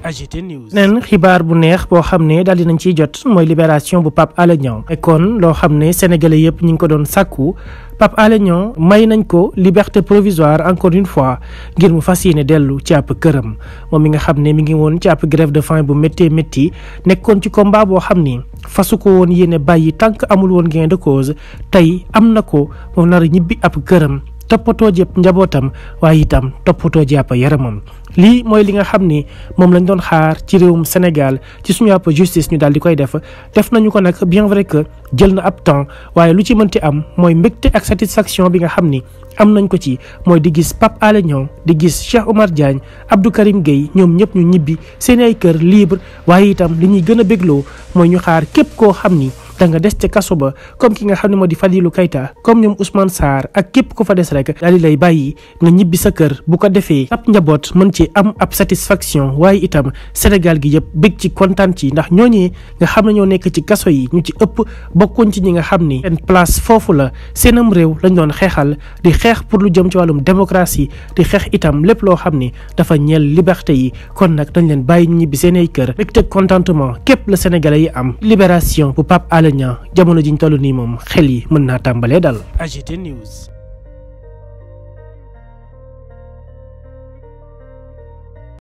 AGT News. neen xibaar bu neex boo xam ne daal dinañ ciy jot mooy libération bu pap Alé Niang kon loo xam ne sénégalais yëpp ñu ngi ko doon sàkku Pape Alé may nañ ko liberté provisoire encore une fois ngir mu fas yéene dellu ci àpp këram moom mi nga xam ne mi ngi woon ci ab grève de faim bu méttee métti nekkoon ci combat boo xam ni fasu ko woon yéene bàyyi tànk amul woon gain de cause tey am na ko moom nar ñibbi ab këram. toppatoo jëpp njabootam waaye itam toppatoo jàpp yaramam lii mooy li nga xam ni moom lañu doon xaar ci réewum Sénégal ci suñu àpp justice ñu daal di koy def def nañu ko nag bien vrai que jël na ab temps waaye lu ci mënti am mooy mbëgte ak satisfaction bi nga xam ni am nañ ko ci mooy di gis Pape ale ñoŋ di gis Cheikh Omar Diagne Abdou Karim Gueye ñoom ñëpp ñu ñibbi seen ay kër libre waaye itam li ñuy gën a bégloo mooy ñu xaar képp koo xam ni te nga des ca kaso ba comme ki nga xam ne moo di Fadilou Keita comme ñoom Ousmane Sarr ak képp ku fa des rek daal lay bàyyi nga ñibbi sa kër bu ko defee ab njaboot mën ci am ab satisfaction waaye itam Sénégal gi yëpp bég ci kontaan ci ndax ñooñee nga xam ne ñoo nekk ci kaso yi ñu ci ëpp bokkuñ ci ñi nga xam ni seen place foofu la seenam réew lañ doon xeexal di xeex pour lu jëm ci wàllum démocratie di xeex itam lépp loo xam ni dafa ñeel liberté yi kon nag dañ leen bàyyi ñibbi seen ay kër bég képp la sénégalais yi am Alé Niang jamono jiñ toll nii moom xel yi mën naa dal